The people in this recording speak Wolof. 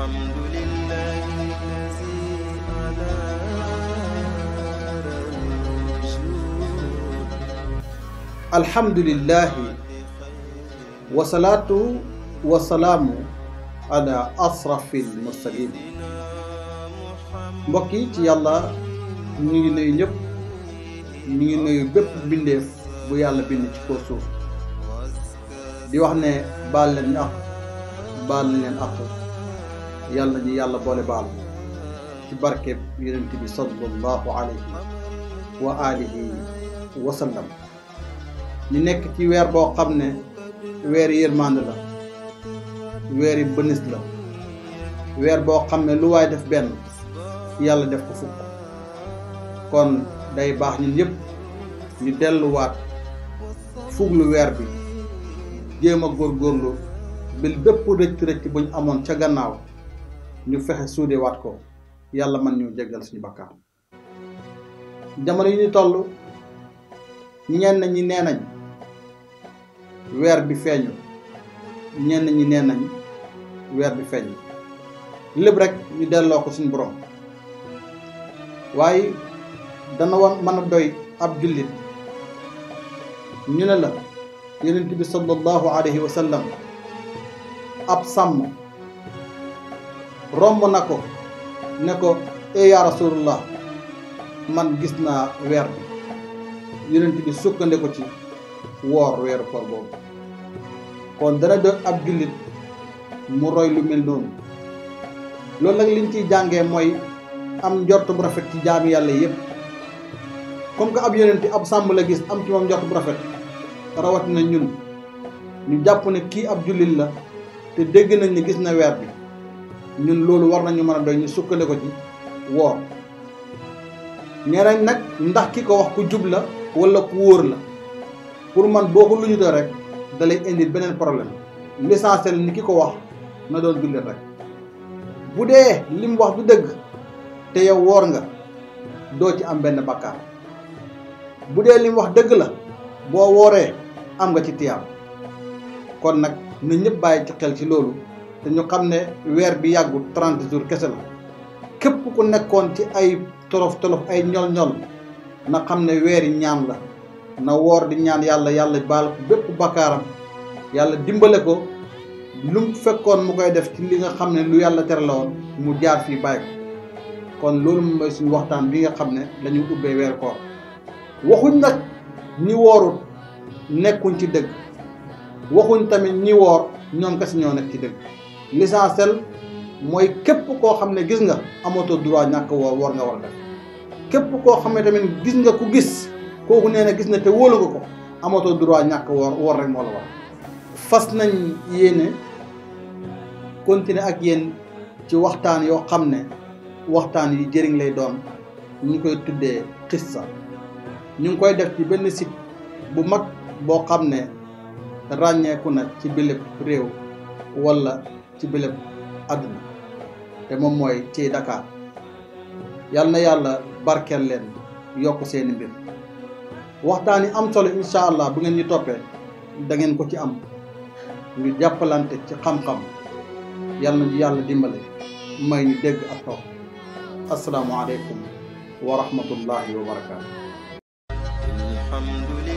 الحمد لله الذي أدار الوجود الحمد لله ci yàlla ñu ngi nuyu ñëpp ñu ngi nuyu bépp bindeef bu yàlla bind ci kaw suuf di wax ne baal leen ñu baal leen àq yàlla ñu yàlla boole baal ci barkeb yonent bi sallallahu alayhi wa alihi wa ñu nekk ci weer boo xam ne weeri yërmande la weeri bënis la weer boo xam ne lu waay def benn yàlla def ko fukk kon day baax ñun yépp ñu delluwaat fuglu weer bi jéem a góorgóorlu bi bépp rëcc rëcc bu ñu amoon ca gannaaw ñu fexe suude waat ko yàlla man ñu jéggal suñu bakkaar jamono yi ñu toll ñenn ñi nee nañ weer bi feeñu ñenn ñi nee nañ weer bi feeñu lépp rek ñu delloo ko suñu borom waaye dana wa mën a doy ab jullit ñu ne la yenent sallallahu alayhi wa sallam ab sàmm romb na ko ne ko e yaa rasulullah man gis naa weer bi yonent bi sukkandiku ci woor weeru koor boobu kon dana doon ab jullit mu roy lu mel noonu loolu nag liñ ciy jàngee mooy am njort bu rafet ci jaami yàlla yépp comme que ab yonent ab sàmm la gis am ci moom njort bu rafet rawatina ñun ñu jàpp ne kii ab jullit la te dégg nañ ne gis na weer bi ñun loolu war nañu mën a doy ñu ko ci woor ñeneen nag ndax ki ko wax ku jub la wala ku wóor la pour man boo ko lu ñu doy dalay indi beneen problème l'essentiel ni ki ko wax na doon jullit rek bu dee li mu wax du dëgg te yow woor nga doo ci am benn bakkaar bu dee li mu wax dëgg la boo wooree am nga ci tiyaab kon nag na ñëpp bàyyi ci xel ci loolu te ñu xam ne weer bi yàggul trente jours kese la képp ku nekkoon ci ay torof tolof ay ñol-ñol na xam ne weeri ñaan la na woor di ñaan yàlla yàlla baal ko bépp bakkaaram yàlla dimbale ko lu mu fekkoon mu koy def ci li nga xam ne lu yàlla tere mu jaar fii bàyyi ko kon loolu mooy suñu waxtaan bi nga xam ne dañu ubbee weer koor waxuñ nag ñi woorut nekkuñ ci dëgg waxuñ tamit ñi woor ñoom kese ñoo nekk ci dëgg l'essentiel mooy képp koo xam ne gis nga amatoo droit ñàkk woor woor nga war def képp koo xam ne tamit gis nga ku gis kooku nee na gis na te wóolu nga ko amatoo droit ñàkk woor woor rek moo la war fas nañ yéene continuer ak yéen ci waxtaan yoo xam ne waxtaan yu jëriñ lay doon ñu koy tuddee xissa ñu ngi koy def ci benn site bu mag boo xam ne ràññeeku na ci bilib réew wala ci béléb àdduna te moom mooy ci Dakar yal na yàlla barkeel leen yokk seeni mbir waxtaan am solo incha allah bu ngeen ñu toppee da ngeen ko ci am ñu jàppalante ci xam-xam yal na ñu yàlla dimbale may ñu dégg ak toog asalaamualeykum wa rahmatullahi wa